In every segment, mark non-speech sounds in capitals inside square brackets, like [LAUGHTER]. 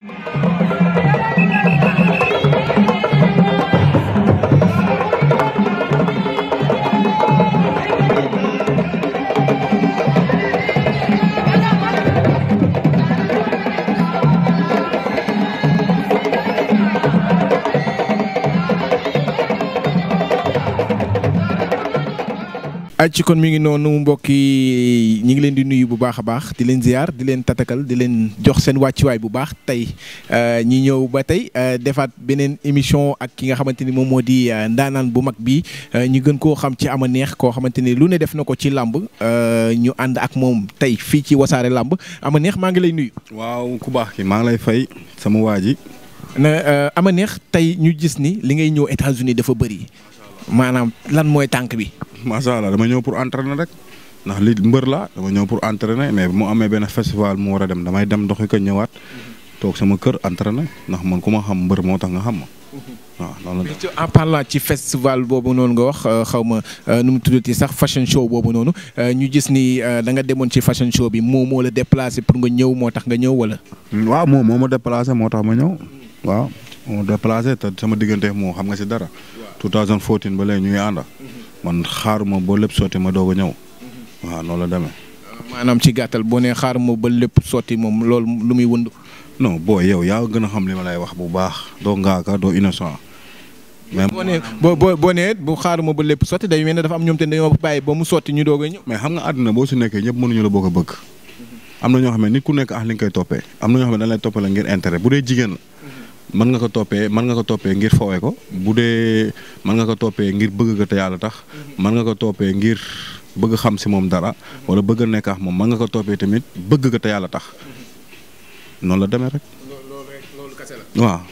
you ci kon mi ngi noonu mbokk yi ñu ngi leen di nuyu bu baax a baax di leen ziar di leen tatakal di leen jox seen wàcciwaay bu baax tey euh, ñi ñëw ba tey euh, defaat beneen émission ak ki nga xamante ni moom moo di euh, ndaanaan bu mag bi ñu gën koo xam ci ama neex koo xamante ni lu ne def na ko ci làmb ñu ànd ak moom tey fii ci wasaare làmb ama neex maa ngi lay nuyu. waaw ku baax ki maa ngi lay fay sama waa ji. na ama neex tey ñu gis ni li ngay ñëw États-Unis dafa bëri. maanaam lan mooy tànk bi. macha allah dama ñëw pour entraîner rek ndax li mbër laa dama ñëw pour entraîner mais mu amee benn festival mu war a dem damay dem doxi ko ñëwaat toog sama kër entraîner ndax man ku xam mbër moo tax nga xam ma. waaw loolu la ci ci festival boobu noonu nga wax euh, xaw ma euh, nu mu tuddati sax fashion show boobu noonu euh, ñu gis nii da nga demoon ci fashion show bi moo moo la déplacé pour nga ñëw moo tax nga ñëw wala. waaw moom moo ma déplacé moo tax ma ñëw waaw moo déplacé te sama diggante moo xam nga si dara. 2014 ba léegi ñu ngi ànd mm-hmm. man xaaruma ba lépp sotti ma doog a ñëw mm-hmm. waaw noonu la demee. Uh, maanaam ci gàttal boo nee xaaruma ba lépp sotti moom loolu lu muy wënd. non boo yow yaa gën a xam li ma lay wax bu baax doo ngaaka doo innocent. mais boo nee boo boo nee bu xaaruma ba lépp sotti day mel ne dafa am ñoom te dañoo bàyyi ba mu sotti ñu doog a ñëw. mais xam nga àddina boo si nekkee ñëpp mënuñu la bokk a bëgg. Mm-hmm. am na ñoo xam ne nit ku nekk ah li nga koy toppee am na ñoo xam ne dañ lay toppale ngir intérêt bu dee jigéen la mën nga ko toppee man nga ko toppee ngir fowe ko bu dee mën nga ko toppee ngir bëgg ko te yàlla tax mën nga ko toppee ngir bëgg xam si moom dara wala bëgg a nekk ak moom mën nga ko toppee tamit bëgg ko te yàlla tax noonu la demee rek. waaw.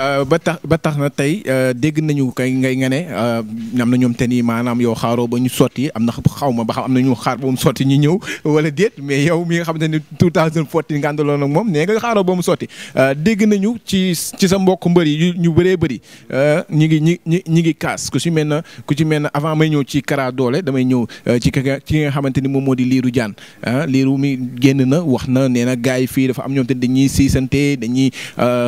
Euh, ba tax ba tax na tey euh, dégg nañu kay ngay nga ne euh, am na ñoom te nii maanaam yow xaaroo ba ñu sotti am na xaw ma ba xam am na ñu xaar ba mu sotti ñu ñëw [LAUGHS] wala déet mais yow mi nga xamante ne 2014 nga àndaloon ak moom nee nga xaaroo ba mu sotti ci ci sa mbokk mbër ñu bëree bëri ñi ngi ñi ñi ñi ngi kaas ku ci mel na ku ci mel na avant may ñëw ci Kara Dollé damay ñëw ci ki nga xamante ni moom moo di Lirou Diane ah, Lirou mi génn na wax na nee na gars yi fii dafa am ñoom te dañuy siisante dañuy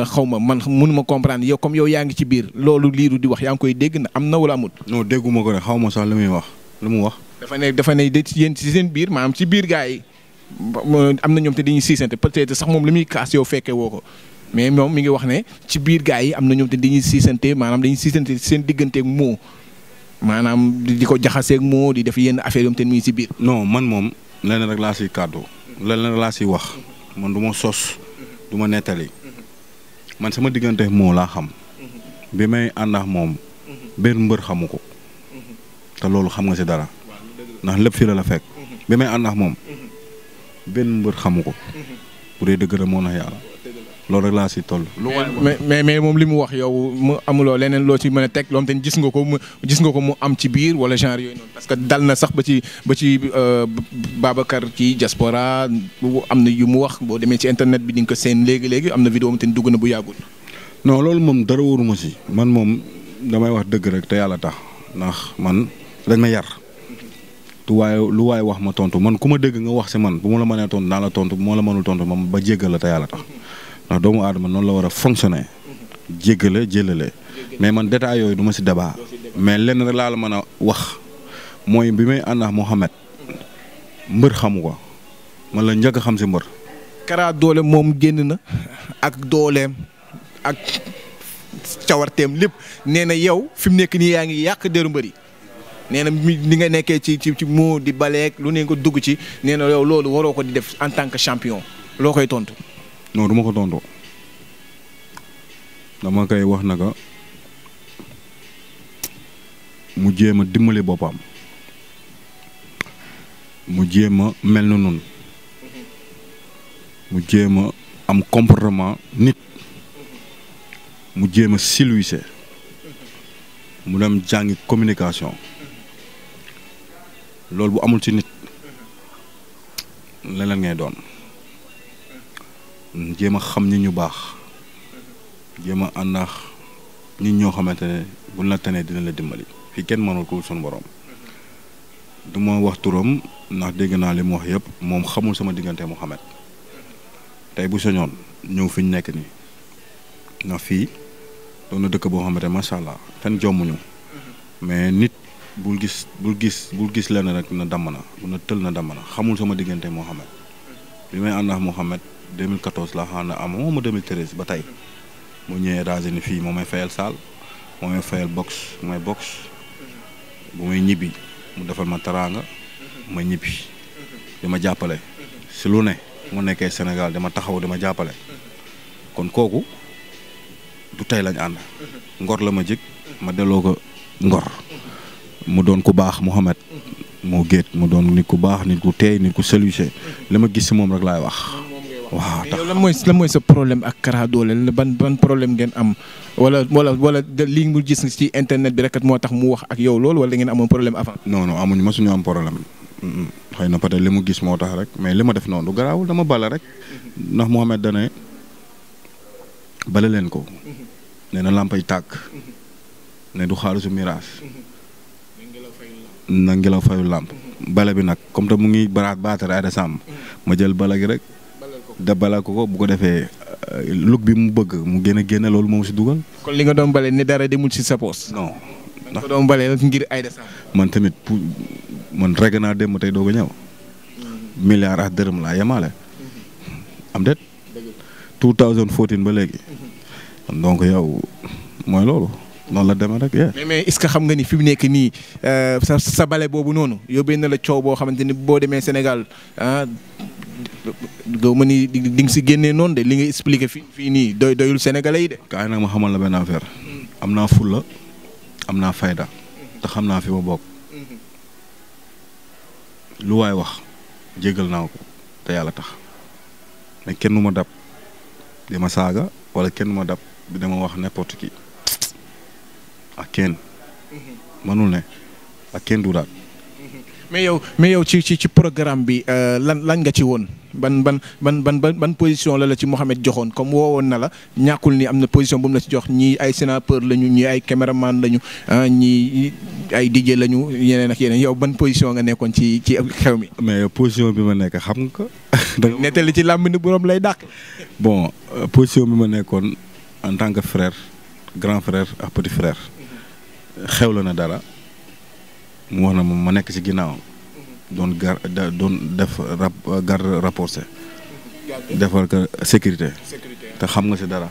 xaw ma man mënuma ma comprendre yow comme yow yaa ngi ci biir loolu liiru di wax yaa ngi koy dégg na am na wala amut. non dégguma ko ne xaw ma sax lu muy wax lu mu wax. dafa ne dafa ne dañuy siisante sax moom li muy kaas yow fekkee woo ko mais moom mi ngi wax ne ci biir gars yi am na ñoom te dañuy maanaam dañuy siisante seen digganteeg moo maanaam di ko jaxaseeg moo di def yenn affaire yom te mi ci biir. non man moom lenn rek laa siy kàddu lenn rek laa siy wax man du ma sos du nettali man sama diggante moo laa xam. Mhm. bi may ànd moom. Mhm. benn mbër xamu ko. Mhm. te loolu xam nga si dara. ndax lépp fii la la fekk. bi may ànd moom. benn mbër xamu ko. bu dee dëgg la moo na yàlla. loolu rek laa si toll. mais mais mais moom li mu wax yow mu amuloo loo ci mën a teg loom gis nga ko mu gis nga ko mu am ci biir wala genre yooyu noonu parce que dal na sax ba ci ba ci euh, Babacar ci diaspora am na yu mu wax boo demee ci internet bi di nga ko seen léegi léegi am na vidéo am te dugg na bu yàggul. non loolu moom dara waruma si man moom damay wax dëgg rek te yàlla tax ndax man dañ ma yar. tu waaye lu waaye wax ma tontu man ku ma dégg nga wax si man bu ma la mënee tontu naa la tontu moo ma la mënul tontu ma ba jéggal la te yàlla tax. ndax doomu aadama noonu la war a fonctionner jéggale jëlale mais man détail yooyu duma ma si débat mais lenn rek laa mën a wax mooy bi may ànd ak Mouhamed mbër xamu ko man la njëkk xam si mbër. Kara doole moom génn na ak dooleem ak cawarteem lépp nee na yow fi mu nekk nii yaa ngi yàq deru mbër yi nee mu ni nga nekkee ci ci ci moo di baleeg lu ne nga dugg ci nee na yow loolu waroo ko di def en tant que champion loo koy tontu. non du ma ko tontu dama koy wax naka mu jéem a dimbali boppam mu jéem a mel na nun mu jéem a am comportement nit mu jéem a silwise mu dem jàngi communication loolu bu amul ci nit leneen ngay doon jéem a xam ñi ñu baax jéem a ànd nit ñoo xamante ne bu na tenee dina la dimbali fii kenn mënul ko suñu boroom du ma wax turam ndax dégg naa li mu wax yépp moom xamul sama diggante Mouhamed tey bu soñoon ñëw fi ñu nekk nii ndax fii doon na dëkk boo xamante macha allah fenn jommuñu mais nit bul gis bul gis bul gis lenn rek na damm na na tël na damm na xamul sama diggante Mouhamed li may ànd ak 2014 laa xam ne am moom 2013 ba tey mu ñëwee États-Unis fii moom may fayal saal moo may fayal box mooy box bu may ñibbi mu defal ma taraanga ma ñibbi di ma jàppale si lu ne mu nekkee Sénégal dama taxaw dama jàppale kon kooku du tey lañ ànd ngor la ma jëkk ma delloo ko ngor mu doon ku baax Mouhamed moo géet mu doon nit ku baax nit ku teey nit ku solution li ma gis si moom rek laay wax waaw yow lan mooy mooy sa problème ak Kara Dollé ban ban problème ngeen am wala wala wala lii mu gis ci internet bi rek moo tax mu wax ak yow loolu wala da ngeen amoon problème avant. non non amuñu ma suñu am problème xëy na peut li mu gis moo tax rek mais li ma def noonu du garaawul dama bala rek ndax Mouhamed dane bala leen ko nee na yu tàkk ne du xaalisu miraas na ngelaw fayu làmp bala bi nag comme te mu ngi baraat baatare ay sàmm ma jël bala gi rek dabala ko ko bu ko defee euh, lug bi mu bëgg mu gën a génne loolu moom si dugal. kon li nga doom bale ni dara demul si sa poos. non ndax ko doon bale ngir Aïda Samb. man tamit pour man reg naa a ñëw. milliard ak dërëm laa yemaale. Mm-hmm. am déet. 2014 ba léegi. Mm-hmm. donc yow mooy loolu. noonu la demee rek mais mais que xam nga ni fi mu nekk nii euh, sa sa bale boobu noonu yóbbee na la coow boo xamante ni boo demee Sénégal ah, gaw ma ni di nga si génnee noonu de li nga expliqué fi fii nii doy doyul sénégalais yi de. kaay nag ma xamal la benn affaire. am naa fulla am naa fayda. te xam naa fi ma bokk. lu waay wax jégal naa ko te yàlla tax mais kenn ma dab di ma saaga wala kenn ma dab di dama wax n'importe qui ak kenn. Mhm. mënul ne ak kenn du daal. mais yow mais yow ci ci ci programme bi euh, lan lan nga ci woon ban ban ban ban ban position la la ci Mouhamed joxoon comme woo woon na la ñàkkul ni am na position bu mu la ci jox ñii ay sénateur lañu ñii ay caméraman lañu ah, ñii ay DJ lañu yeneen ak yeneen yow ban position nga nekkoon ci ci xew mi. mais position bi ma nekk xam [LAUGHS] nga. nettali ci làmb ni boroom lay dàq. bon euh, position bi ma nekkoon en tant que frère grand frère ak petit frère xew la na dala mu wax na moom ma nekk ci ginnaawam mm-hmm. doon gar doon def rap garde rapporté defal ko sécurité te xam nga ci dara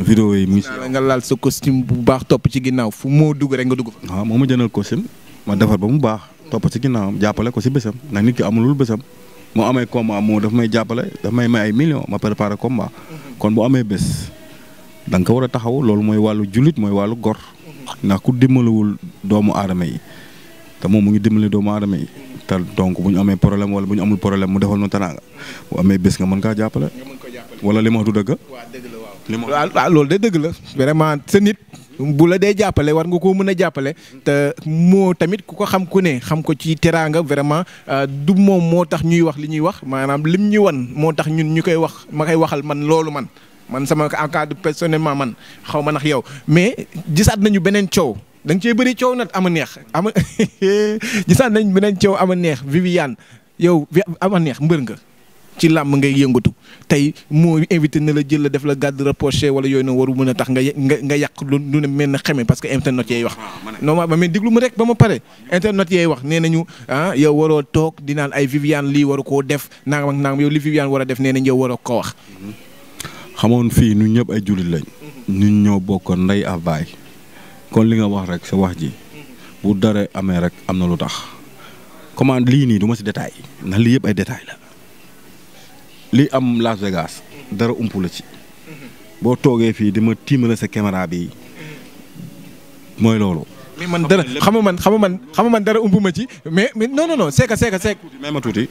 vidéo yi mu ngi nga laal sa costume bu baax topp ci ginnaaw fu moo dugg rek nga dugg fa waaw moo ma jëndal costume ma defar ba mu baax topp ci ginnaawam jàppale ko ci bésam ndax nit ki amulul bésam moo amee combat moo daf may jàppale daf may may ay millions ma préparé combat mm-hmm. kon bu amee bés da nga ko war a taxaw loolu mooy wàllu jullit mooy wàllu gor mm-hmm. ndax ku dimbalawul doomu aadama yi te moom mu ngi dimbali doomu aadama yi te donc bu ñu amee problème wala bu ñu amul problème mu defal nu teraanga bu amee bés nga mën kaa jàppale. wala li ma wax du dëgg. li ma waaw ah, ah, loolu de dëgg la vraiment sa nit. bu la dee jàppale war nga koo mën a jàppale te moo tamit ku ko xam ku ne xam ko ci teraanga vraiment euh, du moom moo tax ñuy wax li ñuy wax maanaam lim ñu wan moo tax ñun ñu koy wax ma koy waxal man loolu man man sama en cas de personnellement man xaw ma nax yow mais gisaat nañu beneen coow. da nga cee bëri coow a ama neex ama gisaan [LAUGHS] nañ beneen coow ama neex Viviane yow ama neex mbër nga ci làmb ngay yëngatu tey moo invité na la jël la def la garde rapproché wala yooyu noonu waru mën a tax nga nga nga yàq lu lu ne mel na xeme parce que internet yay wax. non ma mais diglu ma rek ba ma pare. internet yay wax nee nañu ah yow waroo toog di ay Viviane lii waru koo def nangam ak nangam yow li Viviane war def nee nañ yow waroo ko wax. Mm-hmm. xamoon fii ñun ñëpp ay jullit lañ. Mm-hmm. ñun ñoo bokk ndey ak baay kon li nga wax rek sa wax ji bu dara amee rek am na lu tax comment lii nii du ma si détail ndax lii yëpp ay détail la li am Las Vegas dara ump la ci boo toogee fii di ma tiimale sa caméra bi mooy loolu. mais man dara xamu man xamu man xamu man dara ump ma ci mais mais non non non c'est que c'est que c'est que. ma tuuti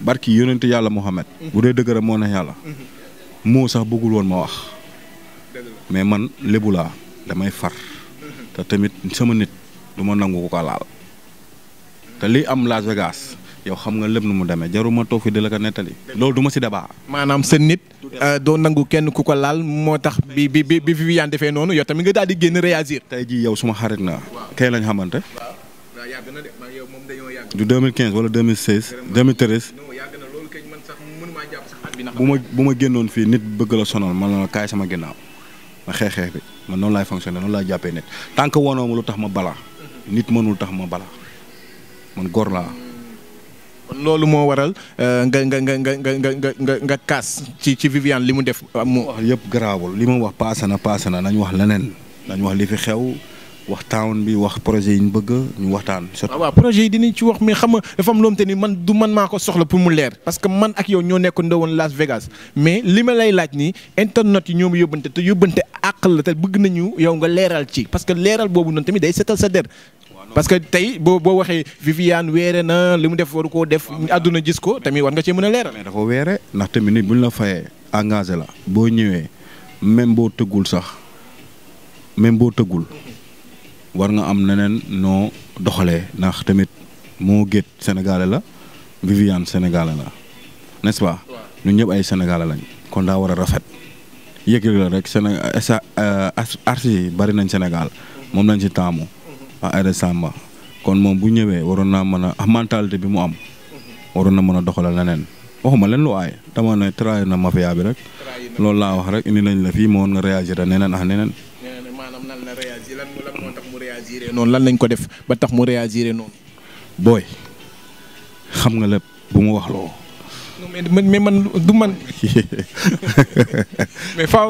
barki yonent yàlla Muhammad bu dee dëgg rek moo ne yàlla. Mhm. moo sax bëggul woon ma wax. mais man lébu laa. damay far te tamit sama nit du ma nangu ko ko laal te li am Las Vegas yow xam nga lépp nu mu demee jaruma toog fi di la ko nettali. loolu duma si débat. maanaam sa nit euh, doo nangu kenn ku ko laal moo tax bi bi bi bi Viviane defee noonu yow tamit nga daal di génn réagir. tey jii yow suma xarit naa. kay lañ xamante. waaw yàgg na de man yow moom dañoo yàgg. du 2015 wala 2016. bu ma bu ma génnoon fii nit bëgg la sonal ma la kaay sama ginnaaw. ma xeexee bi man noonu laay fonctionné noonu laay jàppee nit tant que wanoo ma lu tax ma balaa nit mënul tax ma bala man góor laa. loolu moo waral euh, nga nga nga nga nga nga nga kaas ci ci Viviane li mu def. Euh, mu yëpp garaawul li ma wax paase na paase na nañ wax leneen nañ wax li fi xew. wax town bi wax projet yi ñu bëgg ñu waxtaan. Ah, waaw projet yi dinañ ci wax mais xam nga dafa am loom te ni man du man maa ko soxla pour mu leer. parce que man ak yow ñoo nekk ndawoon Las Vegas mais li ma lay laaj nii internet yi ñoo ma yóbbante te yóbbante àq la te bëgg nañu yow nga leeral ci parce que leeral boobu noonu tamit day setal sa der. parce que tey boo boo waxee Viviane weere na li mu def waru koo def àdduna gis ko tamit war nga cee mën a leeral. mais dafa weere ndax tamit nit bu ñu la fayee la boo ñëwee même boo sax même boo war nga am neneen noo doxalee ndax tamit moo géet sénégalais la Viviane sénégalais la n'est-ce pas. ñun ñëpp ay sénégalais lañ. kon daa war a rafet yëg la rek Séné euh, sa euh, artistes yi bari nañ Sénégal moom nañ ci taamu. Mhm. ak Aïda Samba kon moom bu ñëwee waroon na mën a ah, mentalité bi mu am. Mhm. waroon na mën a doxalal neneen waxuma leen lu aay dama ne trahir na mafia bi rek. loolu laa wax rek indi nañ la fii moo woon nga réagir a neneen ak neneen. Ah, réagir noonu lan lañ ko def ba tax mu réagir noonu. booy xam nga lépp bu mu wax loo. mais man du man [LAUGHS] mais faaw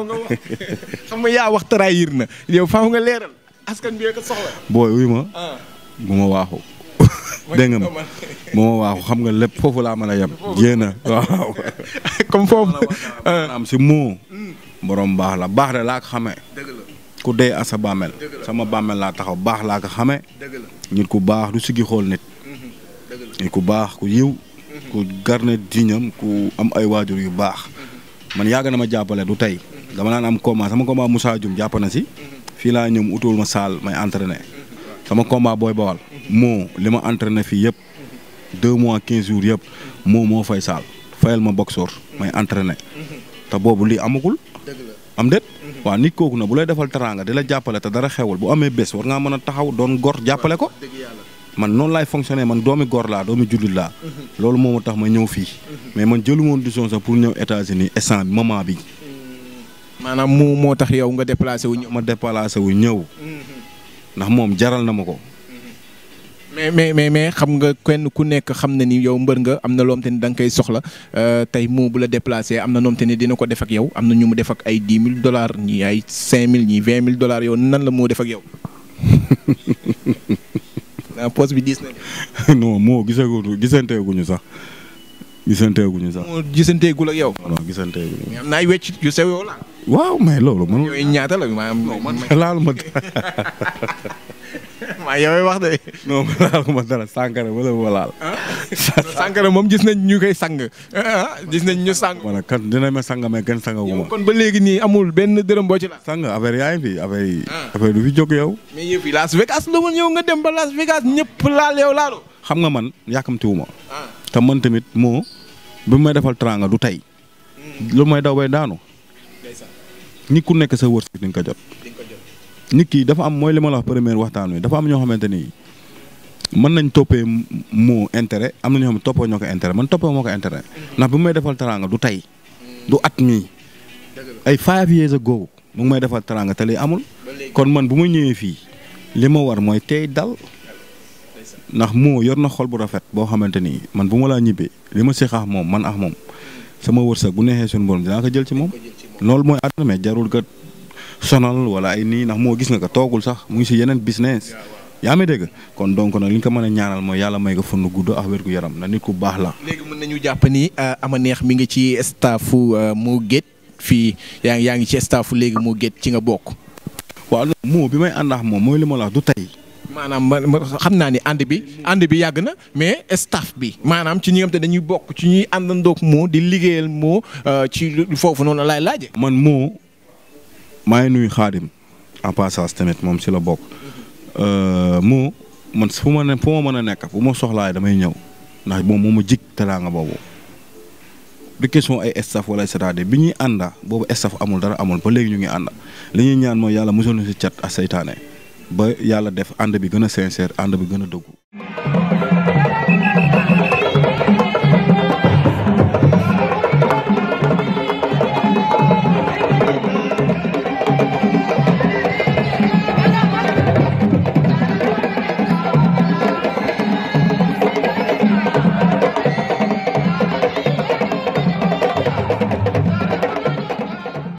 nga yaa wax trahir na yow faaw nga leeral askan bi ko soxla. booy wuy ma. Ah. bu ma waaxu. dégg nga ma waaxu xam nga lépp foofu laa mën a yem. jéem waaw. [LAUGHS] comme foofu. Ah. maanaam si moo. Hmm. baax la laa ko xamee. ku dee asa bàmmeel sama bàmmeel laa taxaw baax laa ko xamee nit ku baax du siggi xool mhm. nit ku baax ku yiw mhm. ku garne diñam ku am ay waajur yu baax mhm. man yàgg na ma jàppale du tey dama naan am combat sama combat Moussa Dioum jàpp na si fii laa ñëw mu ma saal may entraîné sama combat booy bawal moo li ma entraîné fii yëpp deux mois quinze jours yëpp moo moo fay saal fayal ma boxeur may entraîné te boobu lii amagul am déet waa nit kooku na bu lay defal teraanga di la jàppale te dara xewul bu amee bés war ngaa mën a taxaw doon gor jàppale ko man noonu laay fonctionné man doomi gor laa doomi jullit laa mhm. loolu moo ma tax ma ñëw fii mhm. mais man jëlu moon décision sax pour ñëw États-Unis instant bi moment bi hmm. maanaam mu moo tax yow nga déplacé wu ñëw ma déplacé wu ñëw mhm. ndax moom jaral na ma ko mais mais mais mais xam nga kenn ku nekk xam na ni yow mbër nga am na loo xamante ni da nga koy soxla euh, tey moo bu la déplacé am na loo xamante ni dina ko def ak yow am na ñu mu def ak ay dix mille dollars ñii ay cinq mille ñii vingt mille dollars yow nan la moo def ak yow. [LAUGHS] ah poste bi diis na. [LAUGHS] non moo gisagul gisanteeguñu sax. gisanteeguñu sax. moo gisanteegul ak yow. non gisanteeguñu. mais am na ay wecc yu sew yow la. waaw mais loolu. man yooyu ñaata la maanaam. [LAUGHS] laal ma. waaye yow wax de. non laaluma [LAUGHS] dara sànkara wala walaal. Ah? sànkara moom gis nañ ñu koy sang. Ah, ah, gis nañ ñu sang. wala kat dina ma sang mais kenn sangaguma. kon ba léegi nii amul benn dërëm boo ci la. sang affaire yaa ngi fi affaire yi. du fi jóg yow. mais yëpp yi Las Vegas la woon yow nga dem ba Las Vegas ñëpp laal yow laalu. xam nga man yàkkamtiwuma. te man tamit moo. bi may defal teraanga du tey. Hmm. lu may daw bay daanu. nit ku nekk sa wërsëg di nga ko jot. nit ki dafa am mooy li ma la wax première waxtaan wi dafa am ñoo xamante ni man nañ toppee mu intérêt am na ñoo xam ne toppoo ñoo ko intérêt man toppoo moo ko intérêt ndax bu may defal teraanga du tey du at mii ay five years ago mu ngi may defal teraanga te lii amul kon man bu ma ñëwee fii li ma war mooy tey dal ndax moo yor na xol bu rafet boo xamante ni man bu ma laa ñibbee li ma séq ak moom man ak moom sama wërsëg bu neexee suñu borom dinaa jël ci moom loolu mooy àdduna jarul kat sonal wala ay nii ndax moo gis nga ko toogul sax mu ngi si yeneen business yaa may dégg kon donc nag li nga ko mën a ñaanal mooy yàlla may ko fënd gudd ak wérgu yaram na nit ku baax la. léegi mën nañu jàpp ni euh, ama neex mi ngi ci staffu euh, Mo Gates fii yaa yaa ngi ci staffu léegi Mo Gates ci nga bokk. waaw moo bi may ànd moom mooy li ma la du tey. maanaam xam naa ni ànd bi ànd bi yàgg na mais staff bi maanaam ci ñi dañuy bokk ci ñuy àndandoog moo di liggéeyal moo euh, ci foofu noonu laay laaje man moo maa ngi nuyu xaadim en passage tamit moom si la bokk euh, moo man fu ma ne fu ma a nekk fu ma soxlaay damay ñëw ndax moom moo ma jig teraanga boobu du ay staff wala cest à bi ñuy ànda boobu staff amul dara amul ba léegi ñu ngi ànd li ñuy ñaan mooy yàlla mosoon na si cat ak seytaane ba yàlla def ànd bi gën a sincère ànd bi gën a dëggu